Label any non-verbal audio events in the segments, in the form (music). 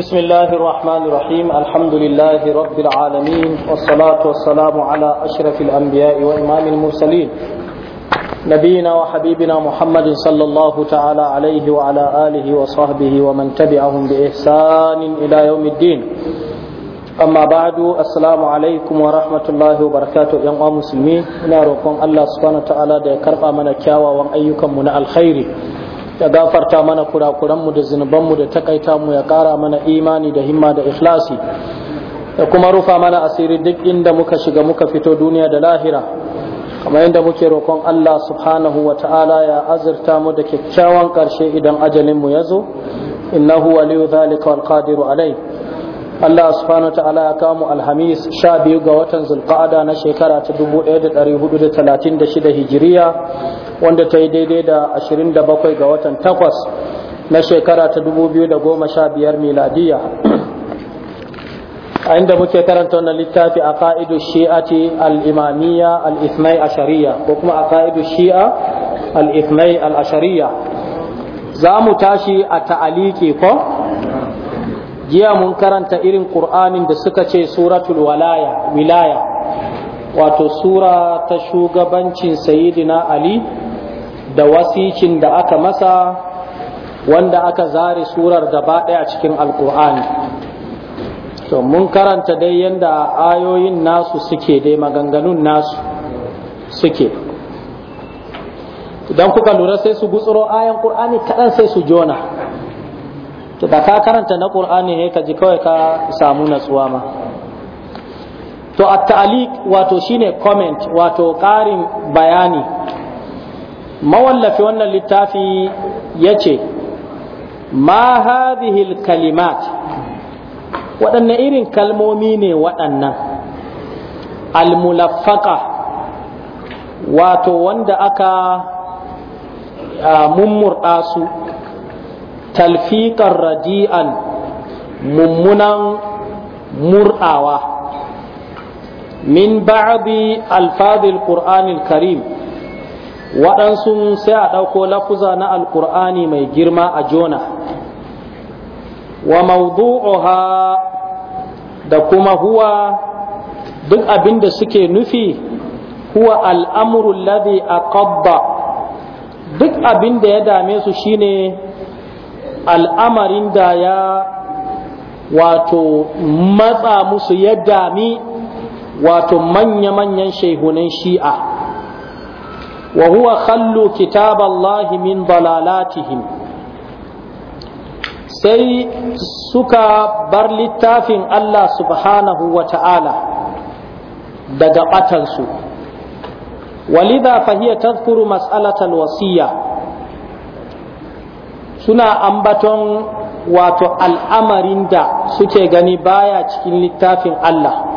بسم الله الرحمن الرحيم الحمد لله رب العالمين والصلاة والسلام على أشرف الأنبياء وإمام المرسلين نبينا وحبيبنا محمد صلى الله تعالى عليه وعلى آله وصحبه ومن تبعهم بإحسان إلى يوم الدين أما بعد السلام عليكم ورحمة الله وبركاته يا مسلمين ناركم الله سبحانه وتعالى دي كرب أمنا كاوا وأن أيكم من الخير ya gafarta mana kurakuranmu da zunubanmu da takaita mu ya kara mana imani da himma da ikhlasi da kuma rufa mana asiri duk inda muka shiga muka fito duniya da lahira kamar yadda muke roƙon Allah subhanahu wa ta'ala ya azurta mu da kyakkyawan ƙarshe idan ajalinmu ya zo innahu waliyu zalika wal qadiru alai Allah subhanahu wa ta'ala ya mu alhamis sha biyu ga watan zulqa'ada na shekara ta 1436 hijiriya wanda ta yi daidai da 27 ga watan 8 na shekara ta 2015 miladiya a inda muke karanta wannan littafi a ka'idu shi'ati al-imamiyya al-ithnai ashariya ko kuma a ka'idu shi'a al-ithnai al za mu tashi a ta'aliki ko jiya mun karanta irin ƙur'anin da suka ce suratul walaya wilaya wato sura ta shugabancin sayidina ali da wasicin da aka masa wanda aka zare surar gaba ɗaya cikin alkur'ani to mun karanta dai yadda ayoyin nasu suke dai maganganun nasu suke idan kuka lura sai su gutsuro ayan ƙur'ani kaɗan sai su jona to da ka karanta na ƙur'ani ne ka ji kawai ka samu natsuwa ma to at ta'aliq wato shine comment wato ƙarin bayani mawallafi wannan littafi ya ce ma hadhihi kalimat waɗanne irin kalmomi ne waɗannan almulaffaka wato wanda aka mummurɗa su talfiƙar radi'an mummunan murɗawa min ba'adi alfadil ƙur'anil karim waɗansu sai a ɗauko lafuza na alkur'ani mai girma a jona wa mawdu'uha da kuma huwa duk abin da suke nufi huwa al'amuru a ƙabba duk abin da ya dame su shine al'amarin da ya wato matsa musu ya dami wato manya-manyan shaihunan shi'a wa huwa khallu kitaballahi min dalalatihim sai suka bar littafin Allah subhanahu wa ta'ala daga batansu walidha fahiya tazkuru mas'alatal wasiyya suna ambaton wato al'amarin da suke gani baya cikin littafin Allah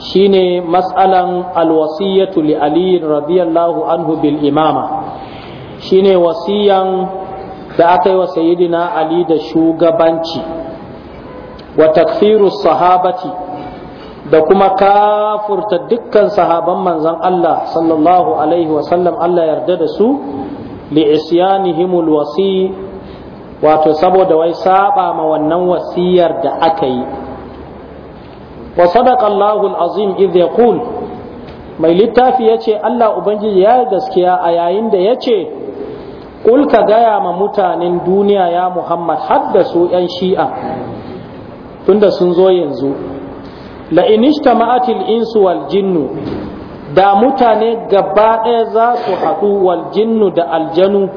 shine matsalan alwasiyatu li aliyin radiyallahu anhu bil imama shine wasiyan da aka yi wa sayyidina ali da shugabanci wa takfiru sahabati da kuma kafurta dukkan sahaban manzon Allah sallallahu alaihi wasallam Allah yarda da su li isyanihimul wasi wato saboda wai saba ma wannan wasiyar da aka yi wa sadaqa Allahul azim idh yaqul mai littafi yace Allah ubangiji ya yi gaskiya a yayin da yace kul ka gaya ma mutanen duniya ya Muhammad su yan shi'a tunda sun zo yanzu la inistama'atil insu waljinnu, da mutane gaba ɗaya za su haɗu waljinnu da aljanu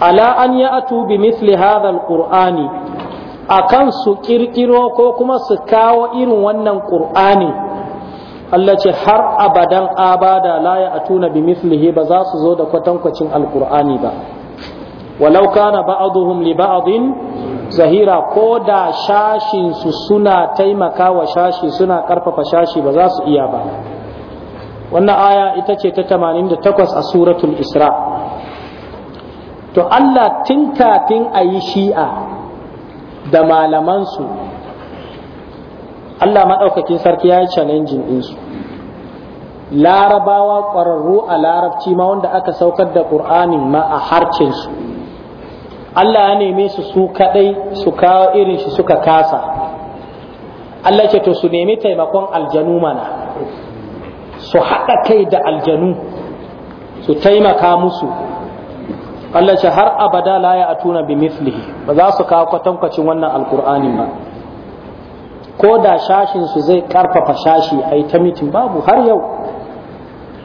ala an ya atu bi misli hadha alqur'ani Akan su ƙirƙiro ko kuma su kawo irin wannan ƙur'ani Allah ce har abadan abada la ya atuna bi mislihi ba za su zo da kwatankwacin alƙur'ani ba walau kana ba'aduhum li ba'adin zahira ko da shashin su suna taimaka wa shashi suna karfafa shashi ba za su iya ba wannan aya ita ce ta 88 a suratul isra to Allah tun kafin a yi shi'a da malamansu Allah maɗaukakin sarki ya yi challenging ɗinsu larabawa ƙwararru a larabci ma wanda aka saukar da ƙur'anin ma a su Allah ya neme su su kaɗai su kawo irin shi suka kasa Allah ce to su nemi taimakon aljanu mana su haɗa kai da aljanu su taimaka musu Allah ce har abada la ya atuna bi mislihi ba za su kawo kwatankwacin wannan alkur'ani ba ko da shashin su zai karfafa shashi a yi ta mitin babu har yau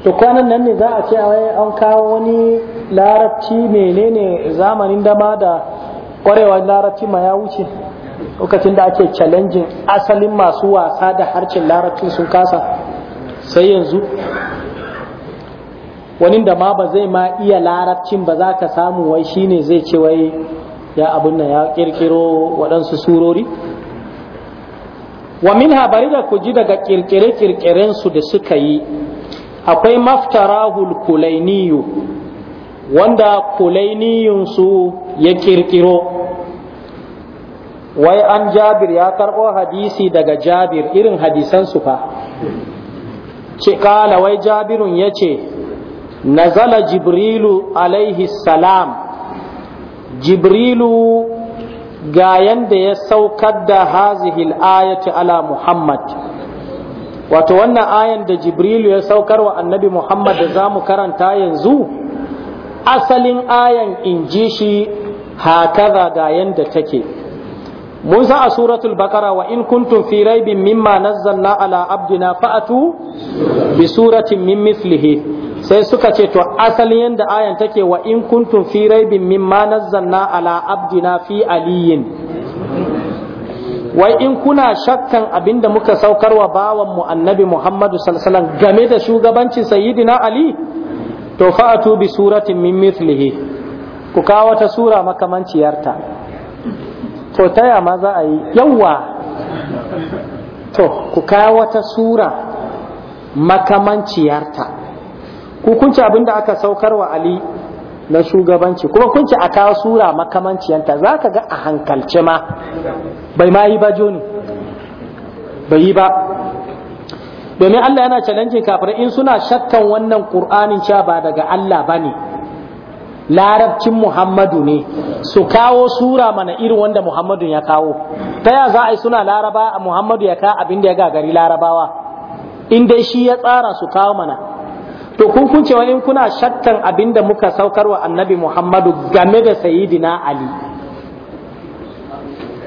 to kwanan nan ne za a ce an kawo wani larabci menene zamanin dama da kwarewar larabci ma ya wuce lokacin da ake challenging asalin masu wasa da harcin larabcin sun kasa sai yanzu wani da ma ba zai ma iya larabcin ba za ka samu wai shine zai ce wai ya abun nan ya kirkiro waɗansu surori wa min habari da ku ji daga kirkire kirkirensu da suka yi akwai maftarahul kulainiyu wanda kulainiyunsu ya kirkiro wai an jabir ya karɓo hadisi daga jabir irin hadisansu fa ce kala wai jabirun ya ce nazala jibrilu alaihi salam jibrilu ga yanda ya saukar da hazihil ayati ala muhammad wato wannan ayan da jibrilu ya saukar wa annabi muhammad da za mu karanta yanzu asalin ayan in ji shi hakaza ga yanda take mun sa a suratul bakara wa in kuntum fi raibin mimma nazzalna ala abdina fa'atu bi suratin min mislihi sai suka ce to asalin yanda ayan take wa in kuntum fi raibin mimma nazzalna ala abdina fi aliyin wai in kuna shakkan abinda muka saukarwa bawan mu annabi Muhammadu sallallahu alaihi game da shugabancin sayyidina Ali to fa'atu bi suratin min mithlihi ku kawo ta sura makamanciyarta Fotaya ma za a yi yawa to ku kawo wata sura makamanciyarta ku kunci abin da aka saukar wa ali na shugabanci kuma kunci a kawo sura makamanciyarta za ka ga a hankalce ma bai ma yi ba joni bai yi ba domin Allah yana challenging kafirai in suna shakkan wannan ƙur'anin cewa ba daga Allah ba ne. larabcin muhammadu ne su kawo sura mana irin wanda muhammadu ya kawo ta ya za a yi suna laraba a muhammadu ya ka abin da ya gagari larabawa in dai shi ya tsara su kawo mana to kun kunce wani kuna shattan abin da muka saukar wa annabi muhammadu game da sayidina ali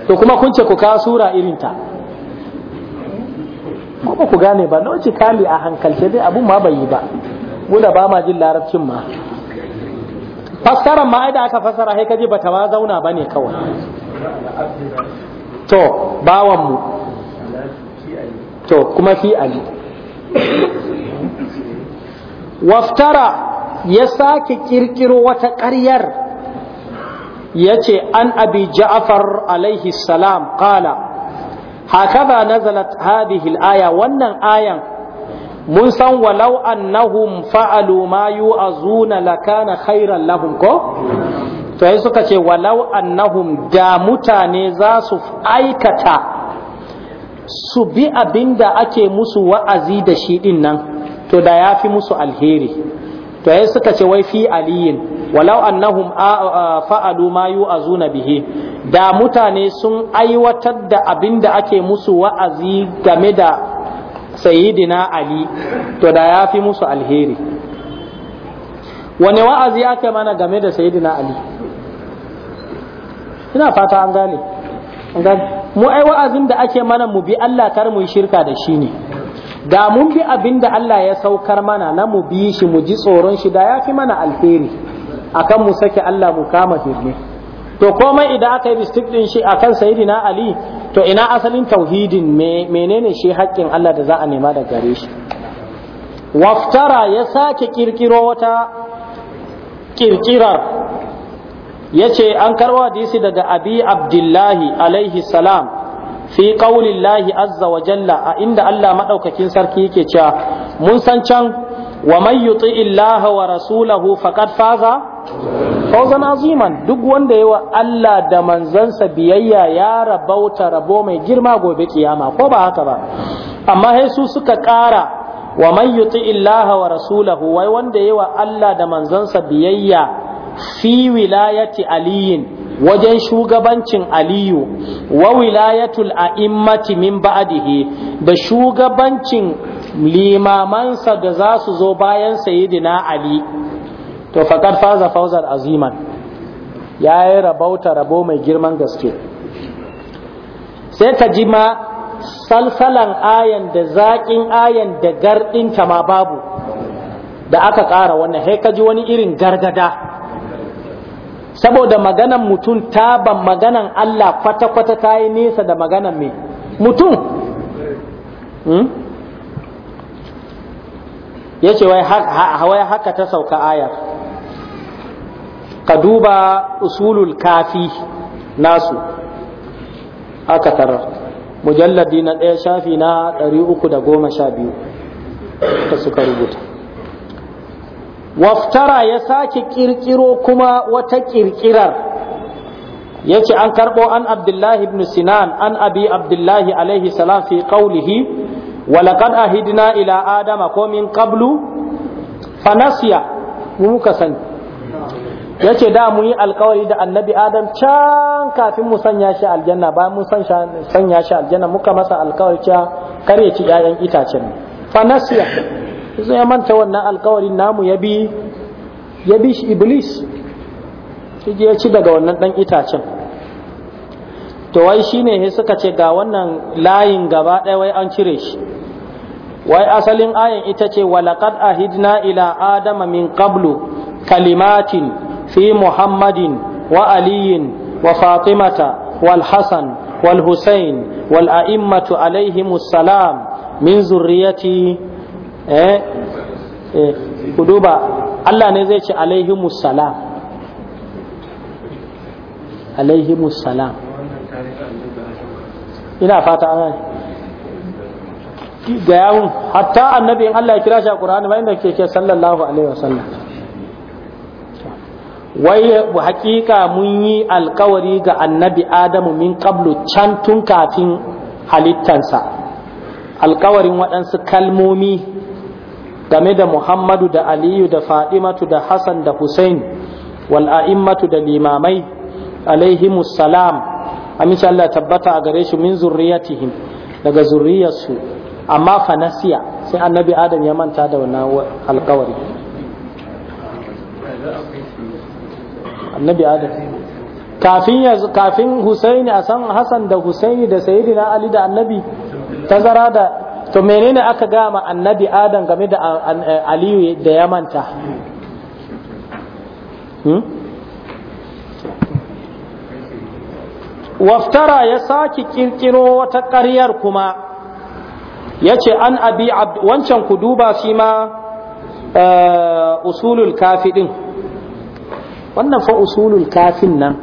to kuma kun ce ku kawo sura irinta kuma ku gane ba nauci kali a hankalce dai abun ma bai yi ba guda ba ma jin larabcin ma fassarar ma da aka fassara sai kaji bata ma zauna bane kawai to to kuma fi ali waftara ya sake kirkiro wata ƙaryar ya ce an abi ja'afar alaihi salam haka hakaza nazalat hadhihi aya wannan ayan mun san walau annahum fa'alu ma yu'azuna lakana khairan lahum ko to yi suka ce walau annahum da mutane za su aikata su bi abinda ake musu wa'azi da shi din nan to da ya fi musu alheri to yi suka ce wai fi aliyin walau annahum fa'alu ma yu'azuna bihi da mutane sun aiwatar da abinda ake musu wa'azi game da sayyidina ali to da ya fi musu alheri wani wa'azi aka mana game da sayyidina ali ina fata an gane mu ai wa'azin da ake mana mu bi Allah kar mu yi shirka da shi ne da mun bi abin da Allah ya saukar mana na mu bi shi mu ji tsoron shi da ya fi mana alheri akan mu sake Allah mu kama firme to komai idan aka yi bistik din shi akan sayyidina ali to ina asalin tauhidin menene shi haƙƙin Allah da za a nema da gare shi waftara ya sake kirkiro wata kirkirar ya ce an karwa hadisi daga abi abdullahi alaihi salam fi ƙaunin lahi azza wa jalla a inda Allah maɗaukakin sarki yake cewa mun san can wa man yuti illaha wa rasulahu faqad faza fawzan duk wanda yawa Allah da manzansa biyayya ya rabauta rabo mai girma gobe kiyama ko ba haka ba amma sai su suka ƙara wa man yuti illaha wa rasulahu wai wanda yawa Allah da manzansa biyayya fi wilayati aliyin wajen shugabancin aliyu wa wilayatul a'immati min ba'dihi da shugabancin limamansa da za su zo bayan sayidina ali to faƙar faza fauzar aziman ya yi rabauta rabo mai girman gaske sai ka ji ma salsalan ayan da zaƙin ayan da gardinta ma babu da aka ƙara wannan sai ka ji wani irin gargada saboda maganan mutum taban maganan Allah kwata-kwata ta yi nesa da maganan mai mutum hmm? ya ce wai haka ta sauka ayar ka duba usulul kafi nasu aka tarar mujalladi na ɗaya shafi na uku da suka rubuta waftara ya sake kirkiro kuma wata kirkirar ya ce an karɓo an abdullahi ibn sinan an abi abdullahi alaihi salam fi qawlihi walaqad ahidna ila adama ko min qablu fanasiya mu muka sani yace da mu yi alkawari da annabi adam can kafin mu sanya shi aljanna bayan mun sanya shi aljanna muka masa alkawari cewa kare ci ƴaƴan itacen fanasiya sai ya manta wannan alkawarin namu ya bi ya bi shi iblis shi ya ci daga wannan dan itacen to wai shine ne suka ce ga wannan layin gaba ɗaya wai an cire shi wai asalin ayan ita ce walaqad ahidna ila adama min qablu kalimatin fi muhammadin wa aliyin wa fatimata wal hasan wal husain wal a'immatu alaihimus salam min zurriyati eh eh kuduba Allah ne zai ce alaihimus salam alaihimus salam ina fata an ga yawun hatta annabi in Allah ya kira shi a Qur'ani ma inda ke sallallahu alaihi wasallam wai hakika mun yi alkawari ga annabi Adamu min qablu can tun kafin halittansa alkawarin waɗansu kalmomi game da Muhammadu da Aliyu da Fadimatu da Hassan da Hussein wal da limamai alaihimus salam amince Allah tabbata a gare shi min zurriyatihim daga zurriyarsu amma fa nasiya sai annabi adam ya manta da wannan alƙawari annabi adam kafin ya kafin Husaini a san hasan da Husaini da Sayyidina Ali da Annabi tazara da to menene aka ga ma Annabi Adam game da eh, Aliyu da ya manta hmm? waftara ya saki ƙirƙiro wata ƙaryar kuma yace an abi wancan ku duba shi ma eh, usulul kafi wannan fa usulul kafin nan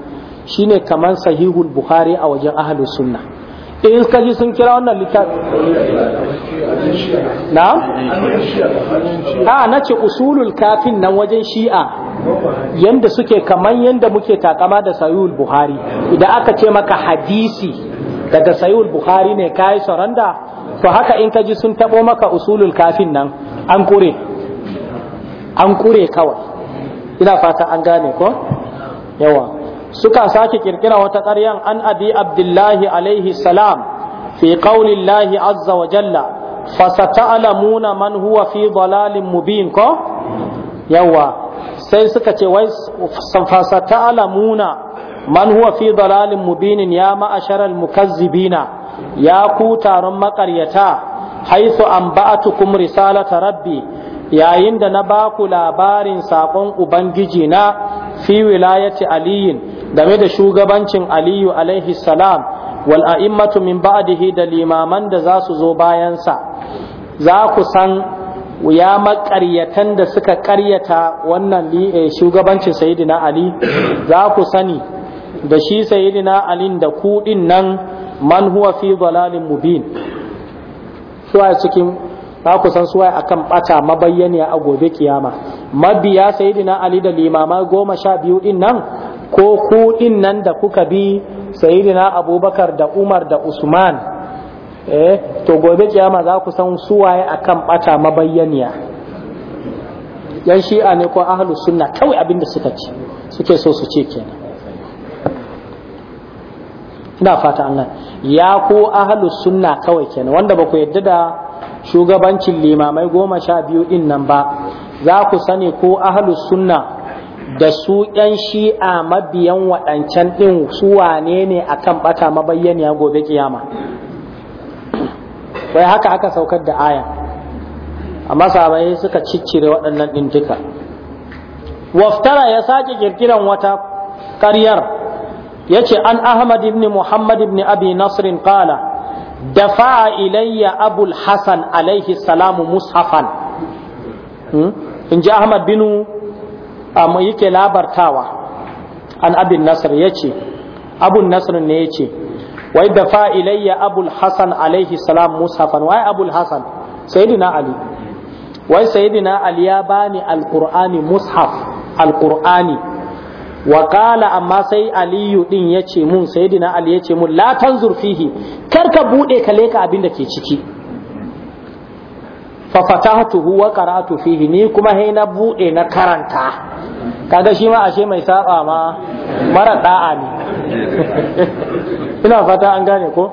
shine kamar sahihul bukhari a wajen ahalus sunna Eh, in ka ji sun kira wannan littafi na? ha na ce usulul kafin nan wajen shi'a yanda suke kaman yanda muke takama da sayul buhari idan aka ce maka hadisi daga sayul buhari ne ka kayi saranda to haka in ka ji sun tabo maka usulul kafin nan an kure an kure kawai ina fata an gane ko yawa suka sake kirkira wata ƙaryan an abi abdullahi alaihi salam fi qaulillahi azza wa jalla fasata'lamuna man huwa fi dhalalin mubin ko yawa sai suka ce wai fasata'lamuna man huwa fi dhalalin mubinin ya ma'asharal mukazzibina ya ku taron maƙaryata haisu an ba'atukum risalata rabbi yayin da na baku labarin saƙon ubangiji na fi wilayati aliyin game da shugabancin aliyu alaihi salam wal a'immatu min ba'dihi da limaman da za su zo bayansa za ku san ya makaryatan da suka karyata wannan eh, shugabancin sayidina ali za ku sani da shi sayidina ali da kudin nan man huwa fi dalalin mubin suwaye cikin za ku san suwaye akan bata mabayyaniya a gobe kiyama mabiya sayidina ali da limama goma sha biyu din nan ko kuɗin nan da kuka bi sayidina abubakar da umar da usman eh to gobe kiyama za ku san suwaye akan bata mabayyaniya yan shi'a ne ko ahlu sunna kawai abinda suka ce suke so su ce kenan ina fata an ya ko ahlu sunna kawai kenan wanda ba ku yadda da shugabancin limamai goma sha biyu din nan ba za ku sani ko ahlu sunna da su ‘yan shi'a mabiyan waɗancan ɗin su wane ne a kan ɓata mabayyaniya gobe kiyama bai haka aka saukar da aya amma sabai suka ciccire waɗannan ɗin duka waftara ya sake kirkiran wata ƙaryar ya ce an ahmad ibn muhammad ibn abi nasrin da fa’a ilayya abul hasan alaihi salamu mushafan hmm? in ji ahmad binu amma ah, yake labartawa an abin nasir ya ce abun nasir ne ya ce wai da fa'ilayya abul hasan alaihi salam musafan wai abul hasan sayyidina ali wai sayidina ali ya bani alqur'ani mushaf alqur'ani wa qala amma sai aliyu din yace mun sayidina ali yace mun la tanzur fihi kar ka bude ka leka abin da ke ciki fa fatahtuhu wa qara'tu fihi ni kuma he na bude na karanta kaga shi ma ashe mai saba ma mara da'a ne ina fata an gane ko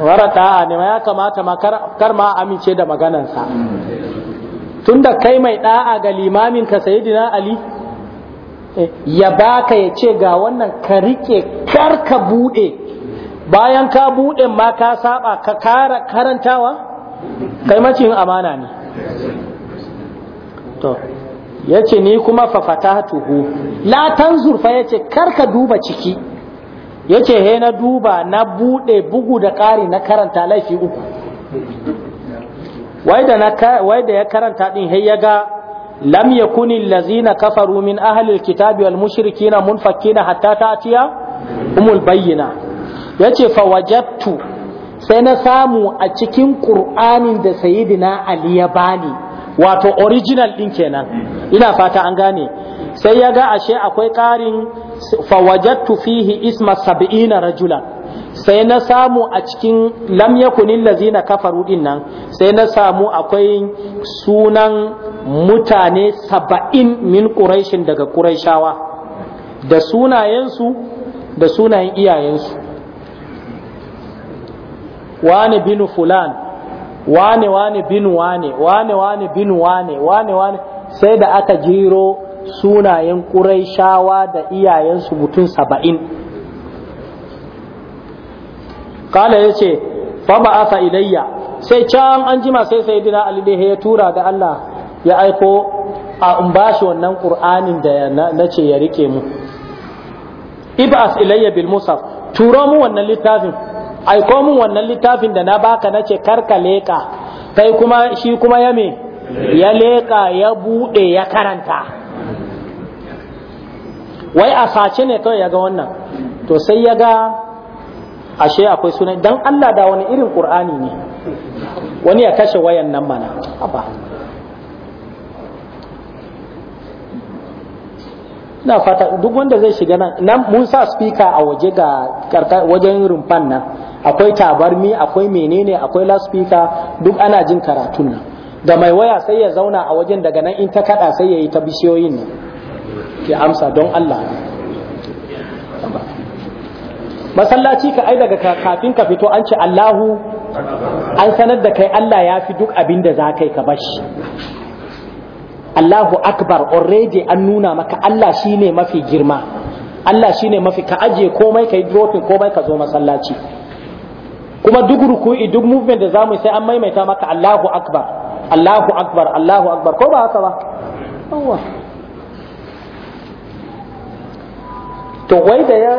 mara da'a ne ma ya kamata ma kar ma amince da maganansa tunda kai mai da'a ga limamin ka sayyidina ali ya baka ya ce ga wannan ka rike karka ka bude bayan ka bude ma ka saba ka karantawa kai amana ne to ya ni kuma fafata tuhu la tanzur fa ya ce karka duba ciki Yace ce he na duba na bude bugu da kari na karanta laifi uku wai da ya karanta din he ya ga lam yakuni lazina kafaru min ahli kitabi wal mushrikina munfakina hatta ta'tiya umul bayyina yace fa wajadtu sai na samu a cikin ƙur'anin da sayidina ali ya bani wato original ɗin kenan ina fata an gane sai ya ga ashe akwai ƙarin fawajattu fihi isma sab'ina rajula. sai na samu a cikin lam yakunin lazina kafaru din nan sai na samu akwai sunan mutane saba'in min ƙuraishin daga ƙuraishawa da sunayensu da sunayen iyayensu wane binu fulan wane wane binu wane wane wane binu wane wane wane sai da aka jiro sunayen shawa da iyayensu mutum saba'in kala ya ce fa ba'atha ilayya sai can an jima sai sayyidina ali ne ya tura da Allah ya aiko a umbashi wannan qur'anin da na ce ya rike mu ibas ilayya bil musaf turo mu wannan littafin aiko min wannan littafin da na baka nace karka leka kai kuma shi kuma ya me ya leka ya bude ya karanta wai a sace ne kawai yaga wannan to sai ya ashe akwai sunan dan Allah da wani irin qur'ani ne wani ya kashe wayan nan mana ina fata duk wanda zai shiga nan mun sa speaker a waje ga wajen rumfan nan akwai tabarmi akwai menene akwai spika duk ana jin karatun nan da mai waya sai ya zauna a wajen daga nan in ta kada sai yayi ta bishiyoyin nan ke amsa don Allah masallaci ka ai daga kafin ka fito an ce Allahu an sanar da kai Allah ya fi duk abin da za kai ka bashi Allahu akbar already an nuna maka Allah shine mafi girma Allah shine mafi ka aje komai ka yi dropping komai ka zo masallaci kuma duk ruku'i duk movement da zamu sai an maimaita maka Allahu akbar Allahu akbar Allahu akbar ko ba haka ba to wai da ya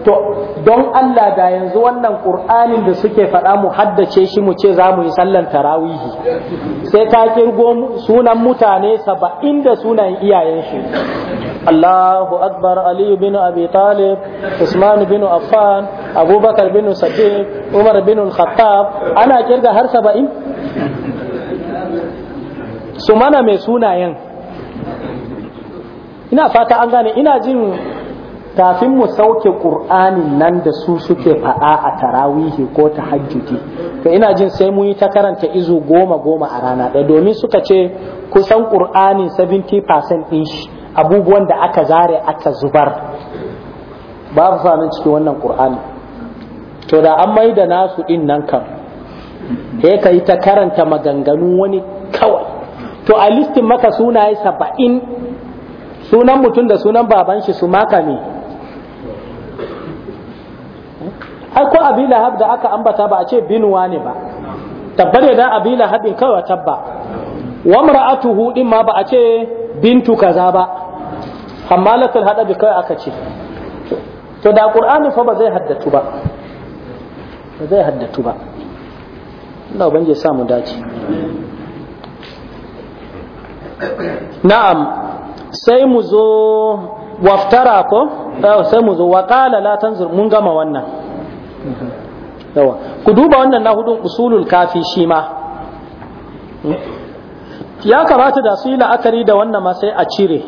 to don Allah da yanzu wannan Qur'anin da suke faɗa mu haddace shi mu ce za mu yi sallan tarawihi sai ka kirgo sunan mutane saba'in da sunan iyayen shi Allahu Akbar Ali bin Abi Talib Usman bin Affan Abubakar bin Sadiq Umar bin Al-Khattab ana kirga har saba'in su mana mai sunayen ina fata an gane ina jin kafin mu sauke ƙur'anin nan da su suke faɗa a tarawihi ko ta hajjuti to ina jin sai mun yi ta karanta izu goma goma a rana ɗaya domin suka ce kusan ƙur'anin 70% ɗin shi abubuwan da aka zare aka zubar babu sanin cikin wannan ƙur'ani to da an mai da nasu ɗin nan kan sai ka yi ta karanta maganganu wani kawai to a listin maka sunaye saba'in sunan mutum da sunan baban shi su maka ne ai ko abi lahab da aka ambata ba a ce bin ne ba tabbar da abi lahabin kawai tabba wa mar'atuhu din ma ba a ce bintu kaza ba amma hammalatul hadabi kai aka ce to da qur'ani fa ba zai haddatu ba ba zai haddatu ba Allah ubangiji sa mu dace na'am sai mu zo waftara ko eh, sai mu zo wa qala la tanzur mun gama wannan yawa ku duba wannan na hudun usulul kafi shi ma ya kamata da su yi la'akari da wannan ma sai a cire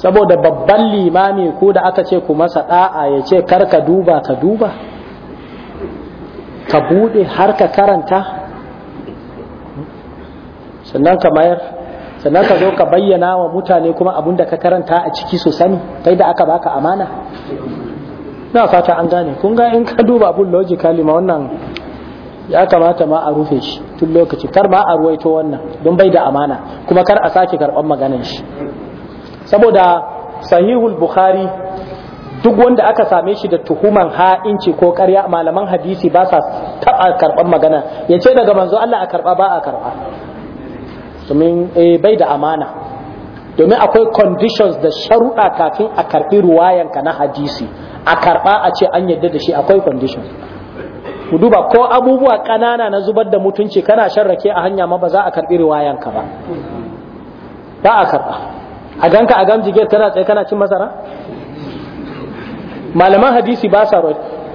saboda babban limami ko da aka ce ku masa da'a ya ce kar ka duba ka duba ka bude har ka karanta sannan ka mayar sannan ka zo ka bayyana wa mutane kuma abin da ka karanta a ciki su sani kai da aka baka amana na fata an gane kun ga in ka duba abun logically ma wannan ya kamata ma a rufe shi tun lokaci kar ma a ruwaito wannan don bai da amana kuma kar a sake karɓar maganin shi saboda sahihul bukhari duk wanda aka same shi da tuhuman ha'inci ko ƙarya malaman hadisi ba sa taɓa karɓar magana ya ce daga manzo Allah a karɓa ba a karɓa domin eh, bai da amana domin akwai conditions da sharuɗa kafin a karɓi ruwayanka na hadisi a karɓa a ce an yadda da shi akwai conditions ku duba ko abubuwa ƙanana na zubar da mutunci kana sharrake a hanya ma ba za a karɓi ruwayanka ba ba a karɓa a ganka a gamji kana tsaye kana cin masara malaman hadisi ba sa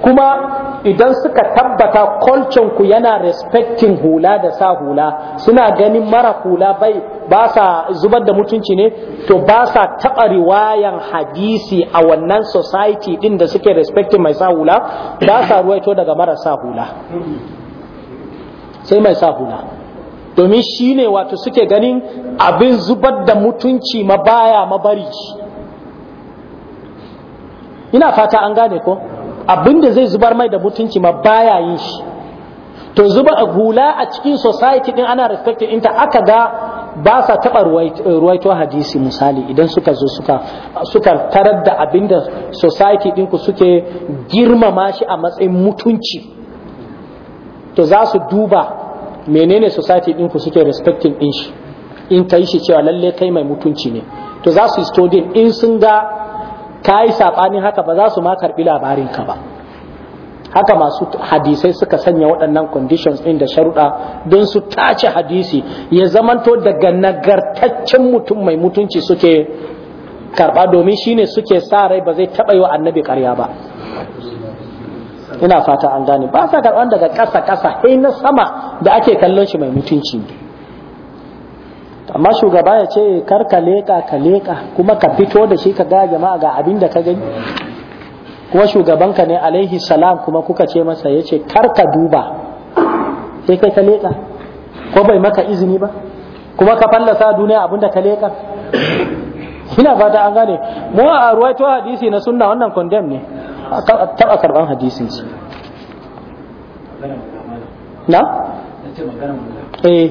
kuma idan suka tabbata kolcin ku yana respecting hula da sa hula suna ganin mara hula bai ba sa zubar da mutunci ne to ba sa taɓa riwayan hadisi a wannan society din da suke respecting mai sa hula ba sa ruwaito daga mara sa hula sai mai sa hula domin shi ne wato suke ganin abin zubar da mutunci mabaya mabari ina fata an gane ko abinda zai zubar mai da mutunci ma baya yin shi to zuba a gula a cikin society din ana respecting inta aka ga ba sa taɓa ruwaito hadisi misali idan suka zo suka suka tarar da abinda society ɗinku suke girmama shi a matsayin mutunci to za su duba menene society ɗinku suke respecting din shi in kai yi shi cewa lalle kai mai mutunci ne to za su yi studying in sun ga ka yi saɓanin haka ba za su ma karɓi labarinka ba haka masu hadisai suka sanya waɗannan conditions ɗin da sharuɗa don su tace hadisi ya zamanto daga nagartaccen mutum mai mutunci suke karɓa domin shine suke sa rai ba zai taɓa yi wa annabi ƙarya ba ina fata an gane ba sa karɓan daga ƙasa ƙasa sai na sama da ake kallon shi mai mutunci ne amma shugaba ya ce kar ka leƙa ka leƙa kuma ka fito da shi ka ga jama'a ga abin da ka gani kuma shugabanka ne alaihi salam kuma kuka ce masa ya ce kar ka duba sai kai ka leƙa ko bai maka izini ba kuma ka fallasa duniya abin da ka leƙa ina fata an gane mu a ruwaito hadisi na sunna wannan condemn ne taɓa karɓan hadisin shi na? eh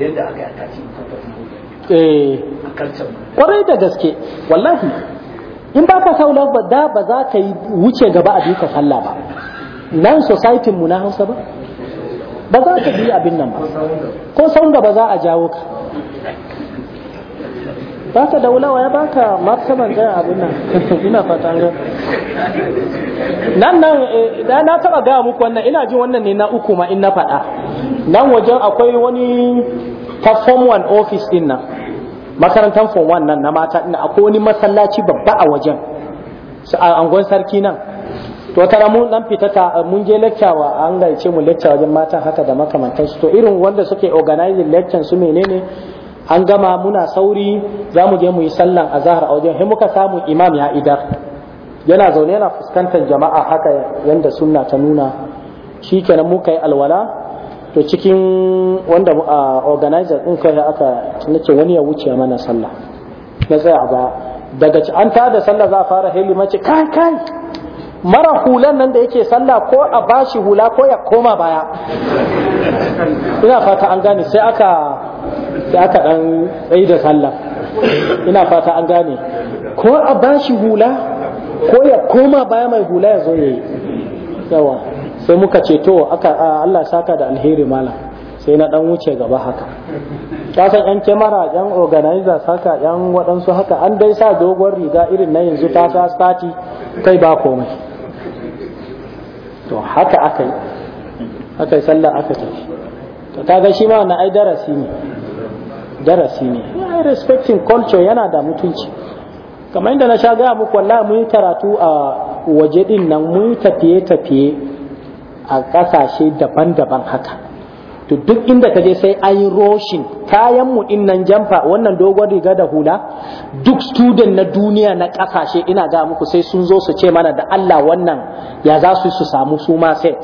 yadda aka yi tashi eh. kwarai da gaske wallahi in ba ka saula ba da ba za ka yi wuce gaba a duka sallah ba nan society mu na Hausa ba ba za ka bi abin nan ba ko saunda ba za a jawo ka Ba baka daulawa ya baka martaban tsayin abin nan (laughs) ina fata ga nan nan eh, da na taba ga muku wannan ina jin wannan ne na uku ma in na faɗa nan wajen akwai wani ta form one office din nan makarantar form one nan na mata ina akwai wani masallaci babba a wajen a angon sarki nan to tara mun dan fita ta eh, mun je lecture an an ce mu lecture wajen matan haka da makamantan su to irin wanda suke organizing lecture su menene an gama muna sauri za mu je mu yi sallan azahar a wajen muka samu imam ya idar yana zaune yana fuskantar jama'a haka yadda sunna ta nuna shi kenan muka yi alwala to cikin wanda a organizer din kai aka nace wani ya wuce mana sallah na tsaya baya daga an ta da sallah za a fara heli mace kai kai mara hulan nan da yake sallah ko a bashi hula ko ya koma baya ina fata an gane sai aka sai aka dan tsaye da sallah ina fata an gane ko a bashi hula ko ya koma baya mai hula ya zo yayi yawa sai muka ce to aka Allah saka da alheri malam sai na dan wuce gaba haka kasan yan kyamara yan organizer saka yan waɗansu haka an dai sa dogon riga irin na yanzu ta sa sati kai ba komai to haka aka yi aka sallah aka tafi to kaga shi ma wannan ai darasi ne darasi ne respectin culture yana da mutunci kamar inda na sha gaya muku wallahi mun yi karatu a waje din nan mun tafiye-tafiye a ƙasashe daban-daban haka to duk inda ka je sai an roshin kayan mu din nan jamfa wannan dogon riga da hula duk student na duniya na ƙasashe ina ga muku sai sun zo su ce mana da Allah wannan ya za su su samu su ma set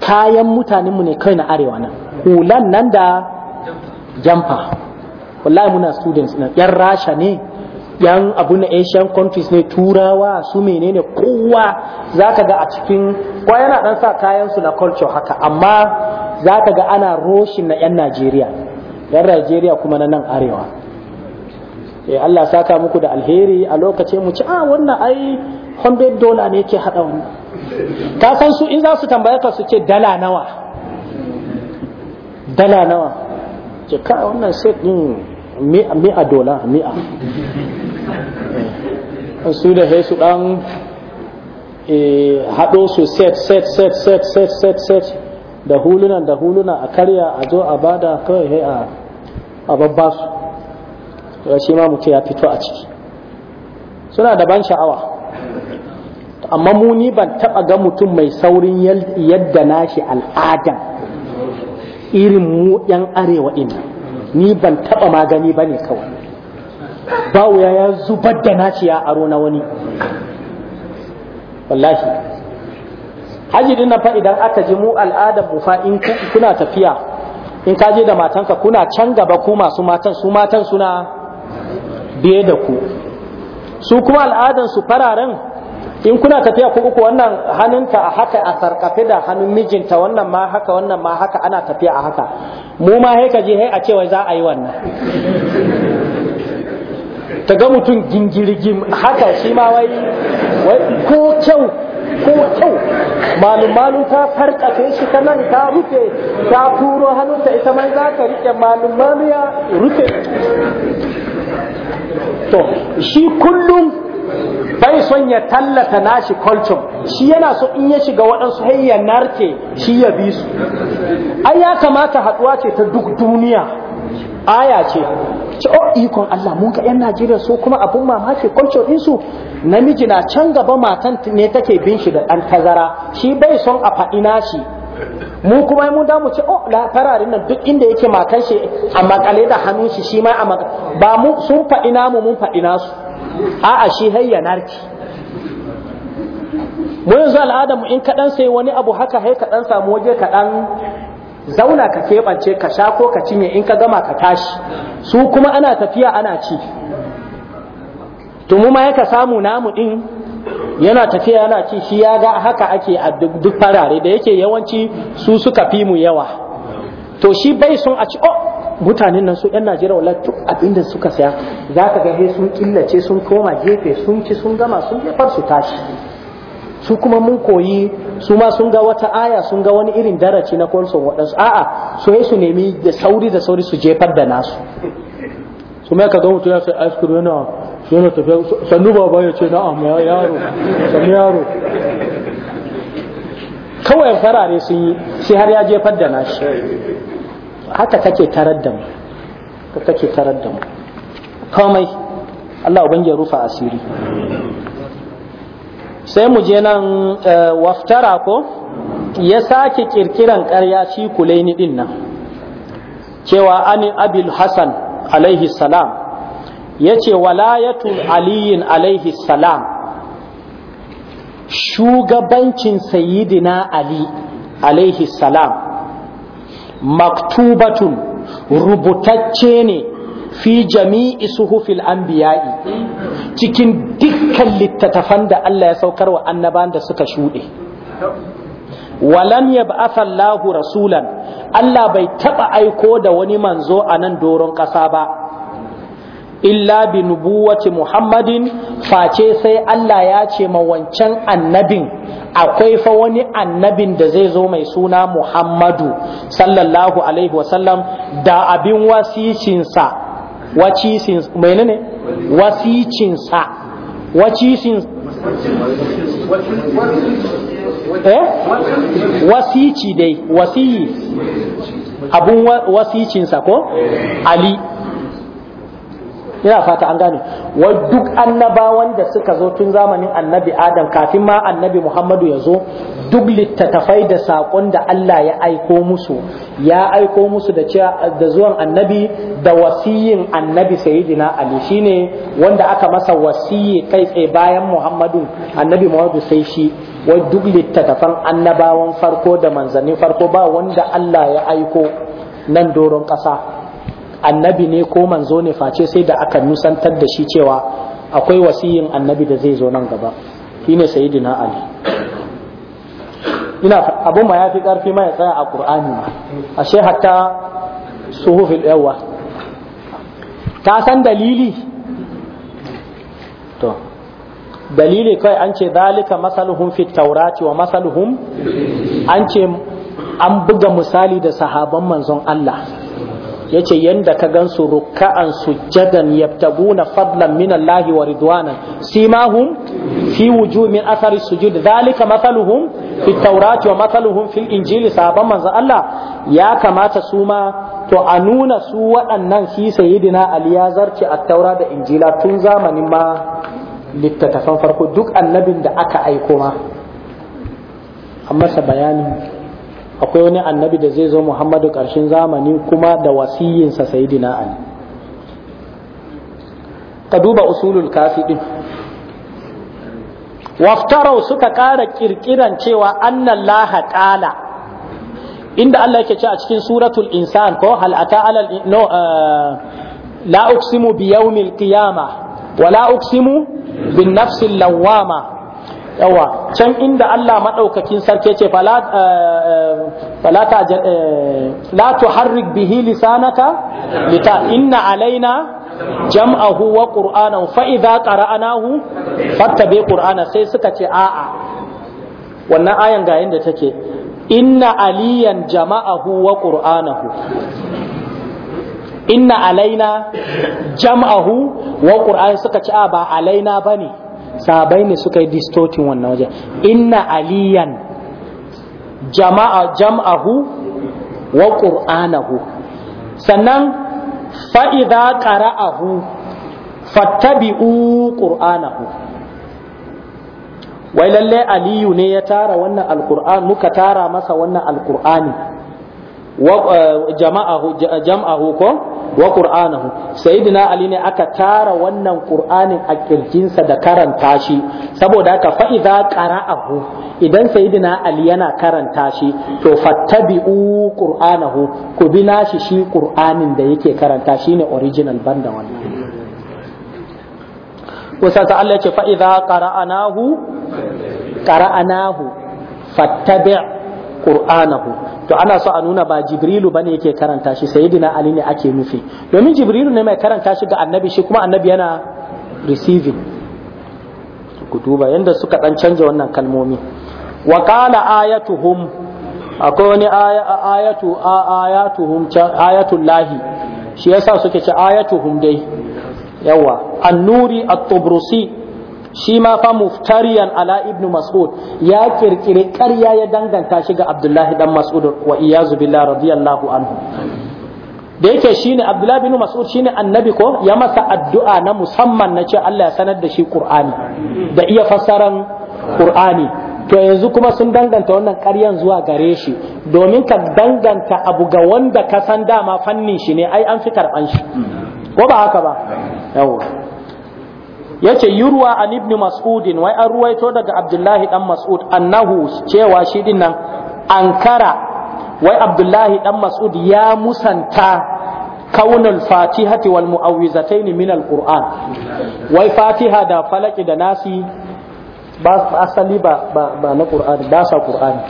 kayan mutanenmu ne kai na arewa nan hulan nan da jamfa wallahi muna students na yan rasha ne yan abu na asian countries ne turawa su menene kowa zaka ga a cikin ko yana dan sa kayan su na culture haka amma zaka ga ana roshin na yan Najeriya yan Najeriya kuma na nan arewa eh Allah saka muku da alheri a lokacin mu ci a ah, wannan ai 100 dollar ne ke hada wannan ka san su in za su tambaye ka su ce dala nawa dala nawa ce ka wannan set din mi'a dola mi'a eh. su da sai su dan eh, haɗo su set set set set set set set da huluna da huluna a karya a zo a bada kawai a a babba su ya ce ma mutu ya fito a ciki suna da ban sha'awa amma mu ni ban taɓa ga mutum mai saurin yadda nashi al'adan irin mu yan arewa ina ni ban taba magani ba ne kawai bawu ya ya zubar da naciya ya aro na wani wallahi haji dinnan fa idan aka ji mu al'adar mu fa in kuna tafiya in ka je da matanka kuna can gaba ku masu matan su matan suna biye da ku su kuma al'adan su fararen in kuna tafiya ku uku wannan hannunta a haka a sarkafe da hannun mijinta wannan ma haka wannan ma haka ana tafiya a haka mu ma haika je hai a cewa za a yi wannan ta ga mutum gingirgin haka shi ma wai ko kyau ko kyau malumalu ta farkafe shi ta nan ta rufe ta turo hannunta ita mai za ka rike malumalu ya rufe to shi kullum bai son ya tallata nashi culture shi yana so in ya shiga waɗansu hayya narke shi ya bi su ai ya kamata haɗuwa ce ta duk duniya aya ce ce o oh, ikon Allah mun ga yan Najeriya so kuma abun mamaki culture din su namiji na can gaba matan ne take bin shi da ɗan tazara shi bai son a faɗi nashi mu kuma mun damu ce oh la fararin nan duk inda yake matan shi a makale da hannun shi shi ma a ba mu sun faɗi namu mun faɗi nasu a'a shi hayya ki mu yanzu al'adamu mu in kaɗan sai wani abu haka hai kaɗan samu waje kaɗan zauna ka keɓance ka sha ko ka cinye in ka gama ka tashi su kuma ana tafiya ana ci to mu ma yaka samu namu din yana tafiya yana ci shi ya ga haka ake a duk farare da yake yawanci su suka fi mu yawa to shi bai sun a ci oh mutanen nan su yan najeriya wala duk abin da suka saya za ka ga sun killace sun koma gefe sun ci sun gama sun jefar su tashi su kuma mun koyi su ma sun ga wata aya sun ga wani irin daraci na konson waɗansu a'a su su nemi da sauri da sauri su jefar da nasu su mai ka ga mutum ya sai ice cream yana yana tafiya sannu baba ya ce na'am ya yaro sannu yaro kawai farare sun yi sai har ya jefar da nashi haka kake tarar da mu kake tarar da mu komai Allah ubangi rufa asiri sai mu je nan eh, waftara ko ya sake kirkiran ƙarya shi kulaini din nan cewa ani abil hasan alaihi salam ya ce walayatul aliyin alaihi salam shugabancin sayidina ali alaihi salam maktubatun rubutacce ne fi jami'i suhufil anbiya'i cikin dukkan littattafan da Allah ya saukar wa annaban da suka shuɗe walam yab'atha Allahu rasulan Allah bai taba aiko da wani manzo a nan doron ƙasa ba illa bi nubuwati muhammadin face sai Allah ya ce ma wancan annabin akwai fa wani annabin da zai zo mai suna muhammadu sallallahu alaihi wasallam da abin wasicinsa wacisin menene wasicinsa wacisin eh wasici dai wasiyi abun wasicinsa ko ali ina fata an gane wa duk annabawan da suka zo tun zamanin annabi adam kafin ma annabi muhammadu ya zo duk littattafai da saƙon da allah ya aiko musu ya aiko musu da zuwan annabi da wasiyin annabi sayyidina ali shine wanda aka masa wasiyi kai tsaye bayan muhammadu annabi muhammadu sai shi wa duk littattafan annabawan farko da manzannin farko ba wanda allah ya aiko nan doron ƙasa annabi ne ko manzo ne face sai da aka nusantar da shi cewa akwai wasiyin annabi da zai zo nan gaba shine sayyidina ali ina abun ma yafi karfi ma ya tsaya a qur'ani ma ashe hatta suhufil yawa ka san dalili to dalili kai an ce zalika masaluhum fit taurati wa masaluhum an ce an buga misali da sahaban manzon Allah yace yadda ka gan su gansu ya sujjadan na fadlan min Allah wa ridwanan simahum fi wujuh min athari sujud dhalika mathaluhum fi tawrati wa mathaluhum fil injili sahaban manzo Allah ya kamata su ma to a nuna su waɗannan shi sayyidina Ali ya zarce a taura da injila tun zamanin ma littattafan farko duk annabin da aka aiko ma amma sa bayanin akwai wani annabi da zai zo muhammadu ƙarshen zamani kuma da wasiyinsa sayidina ali ka duba usulul kafi ɗin. waftarau suka ƙara ƙirƙiran cewa annan laha ƙala inda Allah yake ce a cikin suratul insan ko hal'ata alal no eh, la uqsimu bi yawmil qiyamah wa la uqsimu bin nafsil lawwama yawa can inda Allah maɗaukakin sarki ce eh, eh, eh, la tuharrik bihi lisanaka lita inna alaina jam'ahu wa qur'anahu fa idza qara'nahu fattabi qur'ana sai suka ce a'a wannan ayan ga yanda take inna aliyan jama'ahu wa qur'anahu inna alaina jam'ahu wa qur'anahu suka ce a ba alaina bane sabai ne suka yi distotin wannan wajen inna aliyan jama'a jam'ahu wa qur'anahu sannan fa'iza qara'ahu fattabi'u qur'anahu wai lalle aliyu ne ya tara wannan alqur'an muka tara masa wannan alqur'ani Eh, jama'ahu ko wa qur'anahu sayyidina ali ne aka tara wannan qur'anin a kirjinsa da karanta shi saboda haka fa idza qara'ahu idan sayyidina ali yana karanta shi to fattabi'u qur'anahu ku bi nashi shi qur'anin da yake karanta shi shine original banda wannan wasa ta Allah ce fa idza qara'anahu qara'anahu fattabi' qur'anahu to ana so a nuna ba jibrilu bane yake karanta shi sayyidina ali ne ake nufi domin jibrilu ne mai karanta shi ga annabi shi kuma annabi yana receiving ku duba yanda suka dan canja wannan kalmomi wa qala ayatuhum akwai wani ayatu ayatuhum ayatul lahi shi yasa suke ce ayatuhum dai yawa annuri at-tubrusi shi ma fa muftariyan ala ibnu mas'ud ya kirkire ƙarya ya danganta shi ga abdullahi dan mas'ud wa iyazu billahi radiyallahu anhu da yake shine abdullahi bin mas'ud shine annabi ko ya masa addu'a na musamman na ce Allah ya sanar da shi qur'ani da iya fassaran qur'ani to yanzu kuma sun danganta wannan ƙaryan zuwa gare shi domin ka danganta abu ga wanda ka san dama fannin shi ne ai an fi an shi ko ba haka ba yawa yace yurwa an ibn mas'udin wai an ruwaito daga abdullahi dan mas'ud annahu cewa shi ankara wai abdullahi dan mas'ud ya musanta kaunul fatihati wal mu'awwizatayn min alquran wai fatiha da falaki da nasi ba asali ba ba, ba na qur'ani ba sa qur'ani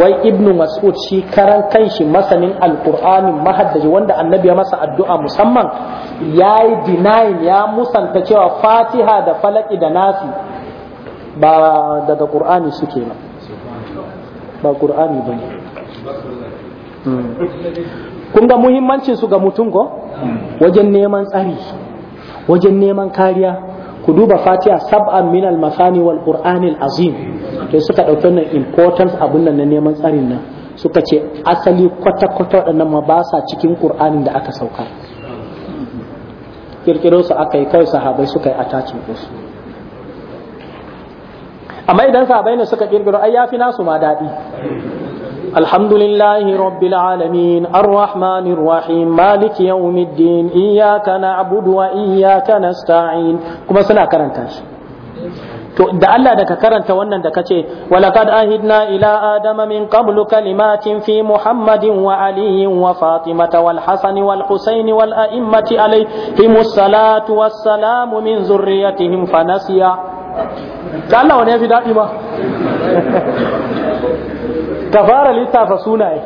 wai ibnu mas'ud shi karan kanshi masanin alqur'ani mahaddaji wanda annabi ya masa addu'a musamman yayi denying ya musanta cewa fatiha da falaki da nasi ba daga qur'ani suke ba ba qur'ani bane hmm. kun ga muhimmancin su ga mutum ko hmm. wajen neman tsari wajen neman kariya ku duba fatiha sab'an min al-masani wal al azim to suka dauki wannan importance abun nan na neman tsarin nan suka ce asali kwata kwata waɗannan ma ba sa cikin qur'anin da aka sauka kirkiro su aka yi kai sahabai suka yi attachment su amma idan sahabai ne suka kirkiro ai yafi nasu ma daɗi الحمد لله رب العالمين الرحمن الرحيم مالك يوم الدين إياك نعبد وإياك نستعين كما سنة كرنتاش to da Allah da karanta wannan da kace walaqad ahidna ila adama min qablu kalimatin fi muhammadin wa aliyin wa fatimata wal hasan wal husayn wal a'immati alaihim salatu min da Allah wani ya fi daɗi ba ka fara littafa sunaye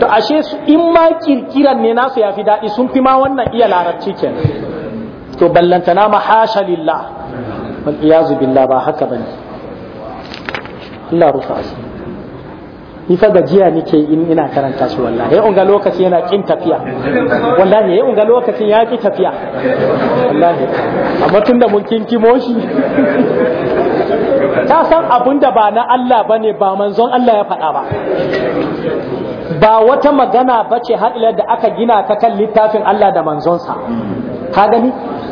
to ashe su in ma kirkiran ne nasu ya fi daɗi sun fi ma wannan iya larabci ke to ballanta na mahasha lillah wal iyazu billah ba haka bane Allah rufa asiri ni fa gajiya nake in ina karanta su wallahi ya unga lokaci yana kin tafiya wallahi ya unga lokacin ya ki tafiya wallahi amma tunda mun kinkimo shi ta san abin da ba na Allah ba ne ba manzon Allah ya faɗa ba ba wata magana ba ce haɗilar da aka gina ta kan littafin Allah da manzonsa ka gani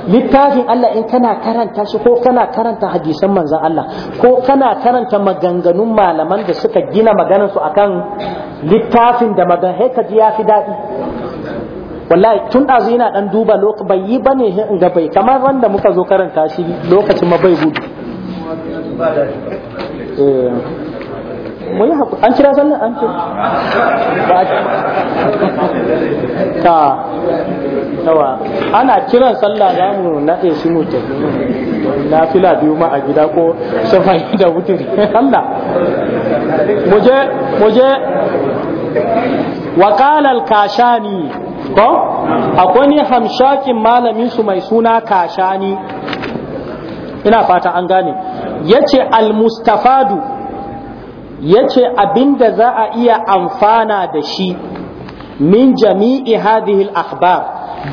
littafin Allah in kana karanta shi ko kana karanta hadisan manzon Allah ko kana karanta maganganun malaman da suka gina maganar su akan littafin da magan ka ji ya fi daɗi wallahi tun ɗazu yana ɗan duba bai yi bane ga bai kamar wanda muka zo karanta shi lokacin ma bai gudu Eh, mun haƙuri an kira sannan an kira ta tawa ana kiran sallah za mu naɗe shi mutum na fila biyu ma a gida ko shafayi da wuturi Allah muje muje waƙalar kashani ko akwai ne hamshakin malamin su mai suna kashani ina fata an gane yace almustafadu yace abinda za a iya amfana da shi min jami'i hadihil akhbar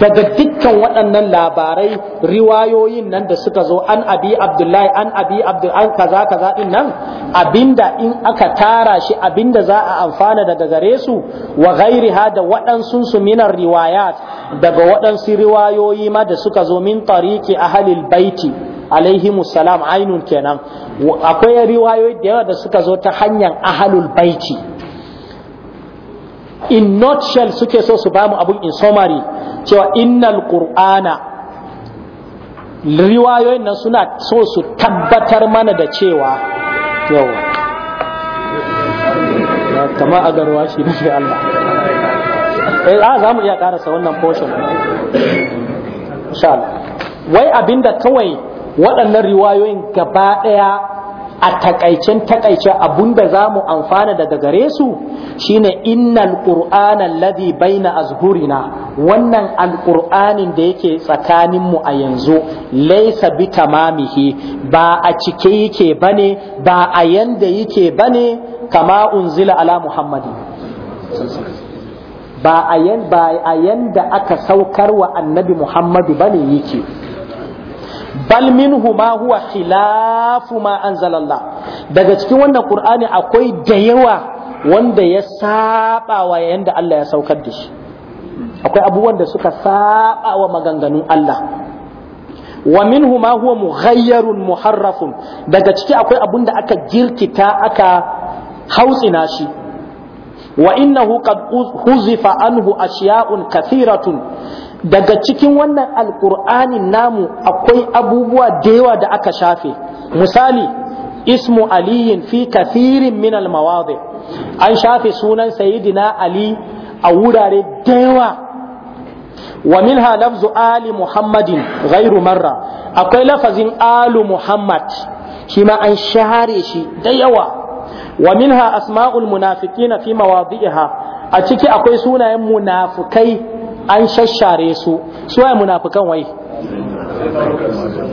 daga dukkan waɗannan labarai riwayoyin nan da suka zo an abi abdullahi an abi abdul an kaza kaza din nan abinda in aka tara shi abinda za a amfana daga gare su wa ghairiha waɗansu su minar riwayat daga waɗansu riwayoyi ma da suka zo min tariki ahlil baiti alaihimu salam ainun kenan akwai riwayoyi da yawa da suka zo ta hanyar ahalul baiti in nutshell suke so su bamu abun in summary cewa innal qur'ana riwayoyin nan suna so su tabbatar mana da cewa yawa kama a garwa shi shi Allah eh a za mu iya karasa wannan portion insha Allah wai abinda kawai waɗannan riwayoyin gaba ɗaya a takaicen takaice abunda za mu amfana daga gare su shine innal qur'ana alladhi baina azhurina wannan alqur'anin da yake tsakaninmu a yanzu laisa bi tamamihi ba a cike yake bane ba a yanda yake bane kama unzila ala muhammadin ba a yanda aka saukar wa annabi muhammadu bane yake bal minhu ma huwa khilafu ma anzalallah daga cikin wannan qur'ani akwai da yawa wanda ya saba wa yanda Allah ya saukar da shi akwai abubuwan da suka saba wa maganganun Allah wa minhu ma huwa mughayyarun muharrafun daga ciki akwai abun da aka girkita aka hautsina shi wa innahu qad huzifa anhu ashiya'un kathiratun daga cikin wannan alƙur'anin namu akwai abubuwa da yawa da aka shafe misali ismu aliyin fi kathirin min almawadi an shafe sunan sayidina ali a wurare da yawa wa minha lafzu ali muhammadin ghairu marra akwai lafazin alu muhammad shi ma an share shi da yawa wa minha asma'ul munafiqina fi mawadi'iha a ciki akwai sunayen munafukai an shashare su su waye munafikan wai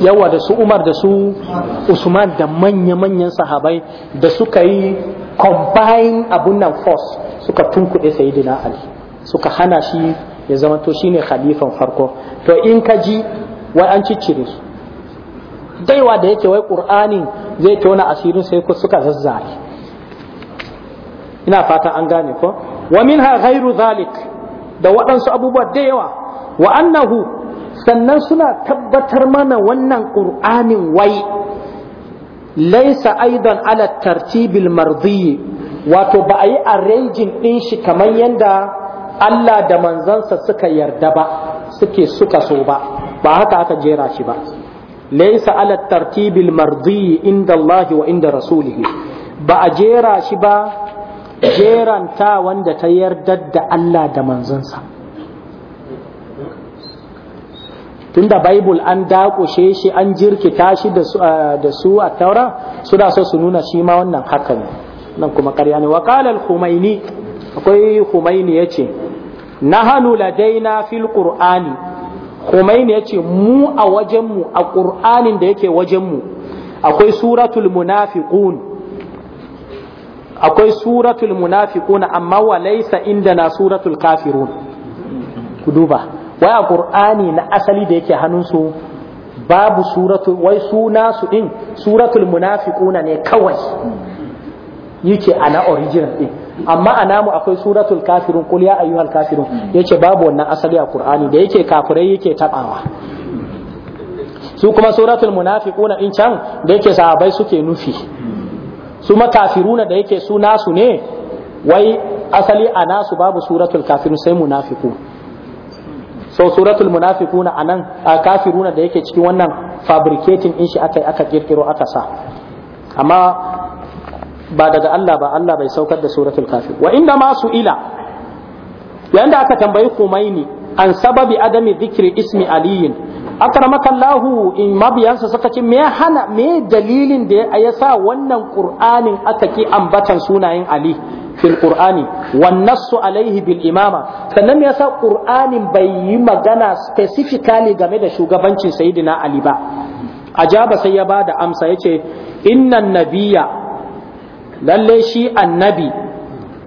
yawa da su Umar da su Usman da manya-manyan sahabai da suka yi combine abun nan force suka tunkuɗe sayidina Ali suka hana shi ya zama to shine khalifan farko to in ka ji wai an ciccire su daiwa da yake wai qur'ani zai tona asirin sai ko suka zazzare ina fata an gane ko wa minha ghairu zalik da waɗansu abubuwa da yawa wa annahu sannan suna tabbatar mana wannan ƙur'anin wai laisa aidan ala tartibil marziyi wato ba a yi arrangin ɗin shi kamar yadda Allah da manzansa suka yarda ba suke suka so ba ba haka aka jera shi ba laisa ala tartibil marziyi inda Allah wa inda rasulihi ba a jera shi ba jeranta wanda ta yarda da Allah da manzansa tunda Bible an dakushe shi an jirkita shi da su eh, a taura suna so su nuna shi ma wannan haka ne nan kuma karya ne waƙala al-humaini akwai Khumaini ya ce nahanu ladaina fil qur'ani Khumaini ya ce mu a wajenmu a ƙur'anin da yake wajenmu akwai suratul munafiqun akwai suratul munafiquna amma wa laysa indana suratul kafirun ku duba wai alqur'ani na asali da yake hannunsu babu suratul wai suna su din suratul munafiquna ne kawai yake ana original din amma a namu akwai suratul kafirun qul ya ayyuhal kafirun yace babu wannan asali a qur'ani da yake kafirai yake tabawa su kuma suratul munafiquna in can da yake sahabbai suke nufi su makafiruna da yake su nasu ne wai asali a nasu babu suratul kafirun sai munafiku so suratul a anan a kafiruna da yake cikin wannan fabricating in shi aka yi aka kirkiro aka sa amma ba daga Allah ba Allah bai saukar da suratul kafir wa inda ma su ila yanda aka tambayi ni an sababi adami zikri ismi aliyin akramakallahu in mabiyansa suka ce me hana me dalilin da ya sa wannan qur'anin aka ki ambatan sunayen ali fil qur'ani wan nassu alaihi bil imama sannan me yasa qur'anin bai yi magana specifically game da shugabancin sayyidina ali ba ajaba sai ya bada amsa yace innan nabiyya lalle shi annabi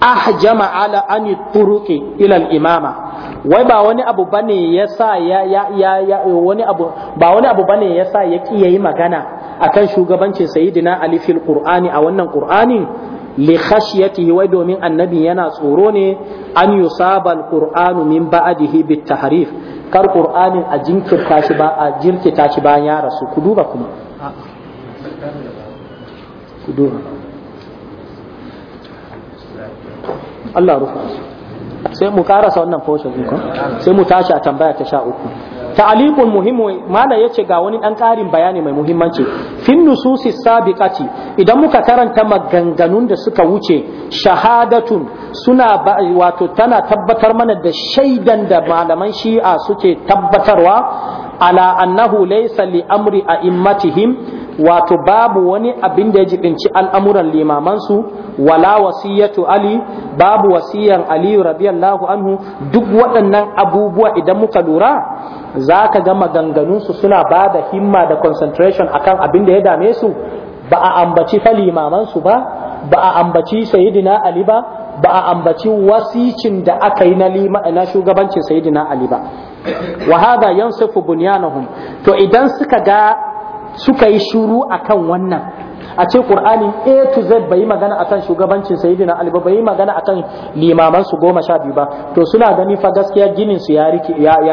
ahjama ala ani turuqi ila al imama wai ba wani abu bane yasa ya sa ya, ya wani abu ba wani abu bane ya magana akan shugabancin sayyidina Ali fil Qur'ani a wannan Qur'anin li khashyatihi wai domin annabi yana tsoro ne an yusaba al Qur'anu min ba'dihi bit tahrif kar Qur'anin a jinkirta shi ba a shi bayan ya rasu ku duba kuma ku duba Allah rufa sai mu karasa wannan portion din ko sai mu tashi a tambaya ta sha uku ta'liqul muhimmu mana yace ga wani dan karin bayani mai muhimmanci fin nususi sabiqati idan muka karanta maganganun da suka wuce shahadatun suna wato tana tabbatar mana da shaidan da malaman shi'a suke tabbatarwa ala annahu laysa li amri a'immatihim wato babu wani abin da ya jibinci al'amuran limamansu wala wasiyatu ali babu wasiyan aliyu radiyallahu anhu duk waɗannan abubuwa idan muka lura za ka ga maganganunsu suna ba da himma da concentration akan abin da ya dame su ba a ambaci fa limamansu ba ba a ambaci sayidina ali ba ba a ambaci wasicin da aka yi na shugabancin sayidina ali ba wa hada yansifu bunyanahum to idan suka ga suka yi shuru a kan wannan a ce ƙur'ani a to z bai yi magana akan shugabancin sayidina ali ba bai yi magana akan limaman su goma sha biyu ba to suna gani fa gaskiya ginin su ya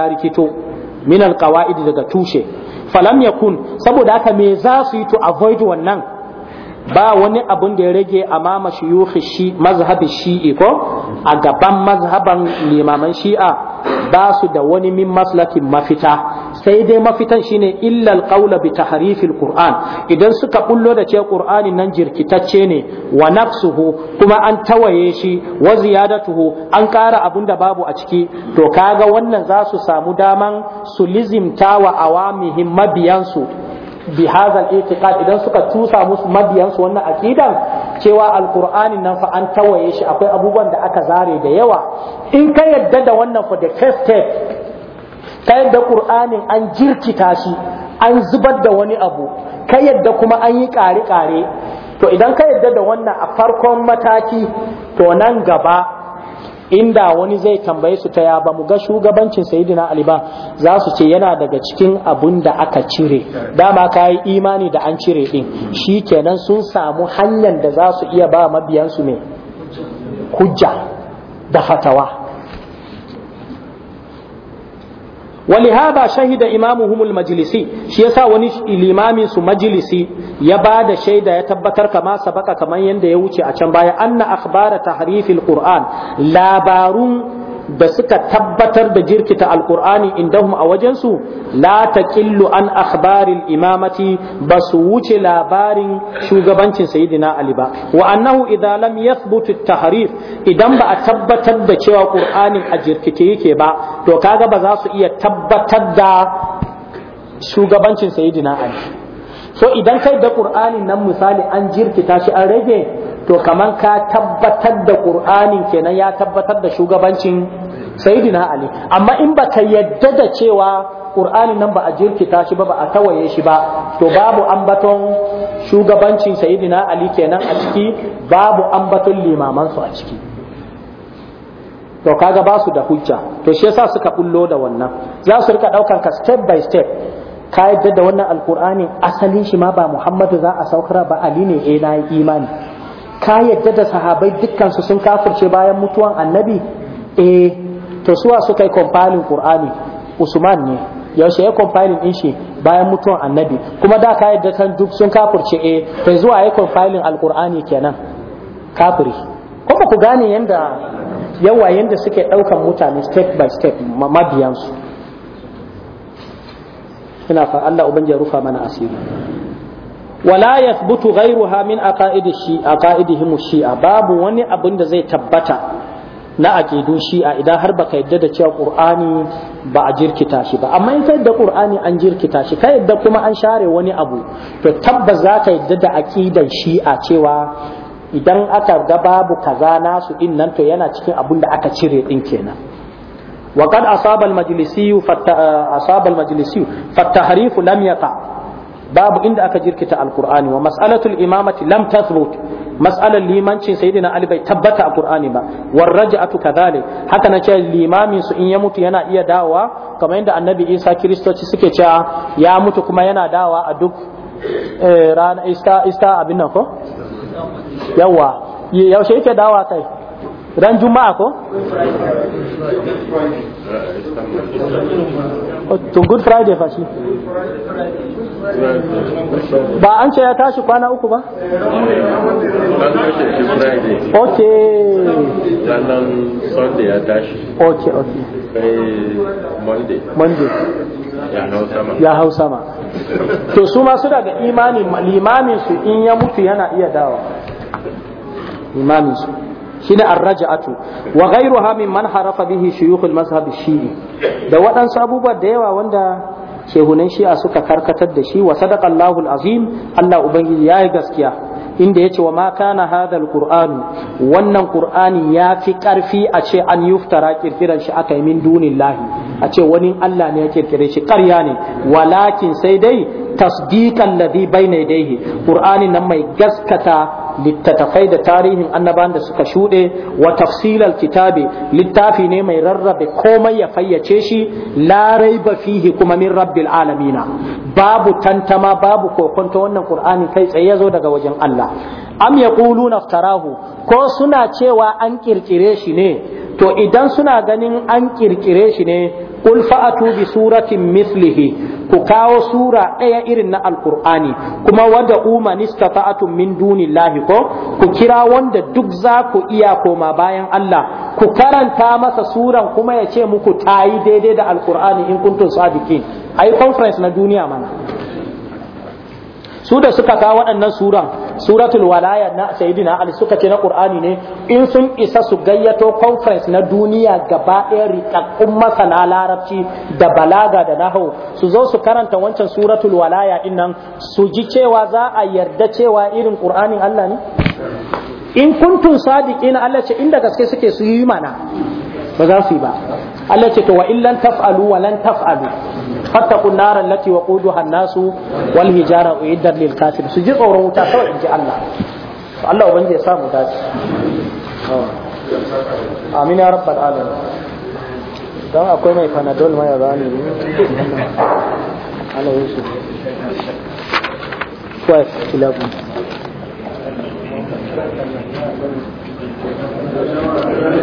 rikito min alqawaid daga tushe falam yakun saboda haka me za su yi to avoid wannan ba wani abun da ya rage a mama shi mazhabi shi'i ko a gaban mazhaban limaman shi'a ba su da wani min maslakin mafita sai dai mafitan shine illal qawla bi tahrifil qur'an idan suka bullo da ce qur'ani nan jirkitacce ne wa nafsuhu kuma an tawaye shi wa ziyadatuhu an ƙara abun da babu a ciki to kaga wannan za su samu daman su lizimta wa awamihim mabiyansu bi hazal itiqad idan suka tusa musu su wannan aqidan cewa alqur'ani nan fa an tawaye shi akwai abubuwan da aka zare da yawa in ka yadda da wannan fa the first step ka yadda qur'anin an jirkita shi an zubar da wani abu ka yadda kuma an yi ƙare kare to idan ka yadda da wannan a farkon mataki to nan gaba inda wani zai tambaye su ta ya ba mu ga shugabancin sayidina aliba ba za su ce yana daga cikin abun da aka cire dama ka yi imani da an cire din kenan sun samu hanyar da za su iya ba mabiyansu ne hujja da fatawa ولهذا شهد إمامهم المجلسي شيسا ونش الإمام سو مجلسي يباد شهد يتبتر كما سبق كما يند يوشي أشان أن أخبار تحريف القرآن لا بارون da suka tabbatar da jirkita alkur'ani indahum a wajensu la taqillu an akhbaril imamati ba su wuce labarin shugabancin sayyidina ali ba wa annahu idza lam yathbut at-tahrif idan ba a tabbatar da cewa qur'anin a jirkita yake ba to kaga ba za su iya tabbatar da shugabancin sayyidina ali so idan kai da qur'anin nan misali an jirkita shi an rage to kaman ka tabbatar da qur'anin kenan ya tabbatar da shugabancin sayyidina ali amma in baka yadda da cewa qur'anin nan ba a jirkita shi ba ba a tawaye shi ba to babu ambaton shugabancin sayyidina ali kenan a ciki babu ambaton limaman su a ciki to kaga ba su da hujja to shi yasa suka bullo da wannan za su rika daukan ka step by step ka yadda da wannan alqur'ani asalin shi ma ba muhammadu za a saukara ba ali ne eh na imani ka yadda da sahabai dukkansu sun kafirce bayan mutuwan annabi eh to suwa su yi compiling qur'ani usman ne yaushe ya compiling din shi bayan mutuwan annabi kuma da ka yadda kan duk sun kafirce eh to zuwa ya compiling alqur'ani kenan kafiri ko ku gane yanda yawa yanda suke daukan mutane step by step mabiyansu ina fa Allah ubangiji rufa mana asiri wala yathbutu ghayruha min aqaidihim shi'a babu wani abin da zai tabbata na aqidun shi'a idan har baka yadda da cewa qur'ani ba a jirkita shi ba amma in ka yadda qur'ani an jirkita shi ka yadda kuma an share wani abu to tabbas za ka yadda da aqidan shi'a cewa idan aka ga babu kaza nasu din nan to yana cikin abin da aka cire din kenan وقد أصاب المجلسي فت... Lamyaka. babu inda aka jirkita alqur'ani wa mas'alatul imamati lam tathbut mas'alar limancin sayyidina ali bai tabbata a qur'ani ba war raj'atu kadhalik haka na ce limamin su in ya mutu yana iya dawa kamar yadda annabi isa kiristoci suke cewa ya mutu kuma yana dawa a duk eh, rana ista ista abin nan ko yawa yaushe yake dawa kai ran juma'a ko oh, to good friday fa shi ba an ce ya tashi kwana uku ba ok ranar sunday ya tashi ok ok monday monday ya hau sama to su masu su daga imanin limamin su in ya mutu yana iya dawa limamin su shine arraja'atu wa ghayruha man harafa bihi shuyukh al-mazhab shi'i da waɗansu abubuwa da yawa wanda shehunan shi'a suka karkatar da shi wa sadaqa Allahu al-azim Allah ubangiji yayi gaskiya inda yace wa ma kana hadha al-qur'an wannan qur'ani ya fi karfi a ce an yuftara kirkiran shi aka yi min dunillahi a ce wani Allah ne ya kirkire shi ƙarya ne walakin sai dai tasdiqan ladhi bayna yadayhi qur'ani nan mai gaskata littattafai da tarihin annaban da suka shuɗe wa tafsilal kitabi littafi ne mai rarrabe komai ya fayyace shi Larai ba fihi kuma min rabbil alamina babu tantama babu kokonta wannan qur'ani kai tsaye yazo daga wajen Allah am yaquluna iftarahu ko suna cewa an kirkire shi ne to idan suna ganin an kirkire shi ne qul fa'atu bi suratin mislihi ku kawo sura ɗaya irin na alqur'ani kuma wada uman istata'tum min dunillahi ko ku kira wanda duk za ku iya koma bayan Allah ku karanta masa suran kuma ya ce muku tayi daidai da alqur'ani in kuntum sadiqin ai conference na duniya mana su da suka kawo waɗannan suran suratul walaya na sayyidina ali suka ce na qur'ani ne in sun isa su gayyato conference na duniya gaba ɗaya rikakkun masana larabci da balaga da nahu su zo su karanta wancan suratul walaya din nan su ji cewa za a yarda cewa irin qur'anin Allah ne in kuntum sadiqina Allah ce inda gaske suke su yi mana ba za su yi ba Allah ce to wa illan taf'alu wa lan taf'alu fattaqu an-nar allati waquduha an-nasu wal hijara uiddat lil kafir su ji tsoron wuta kawai inji Allah to Allah ubangiji ya sa mu dace amin ya rabbal alamin dan akwai mai panadol mai bani Allah ya shi kwai kilabu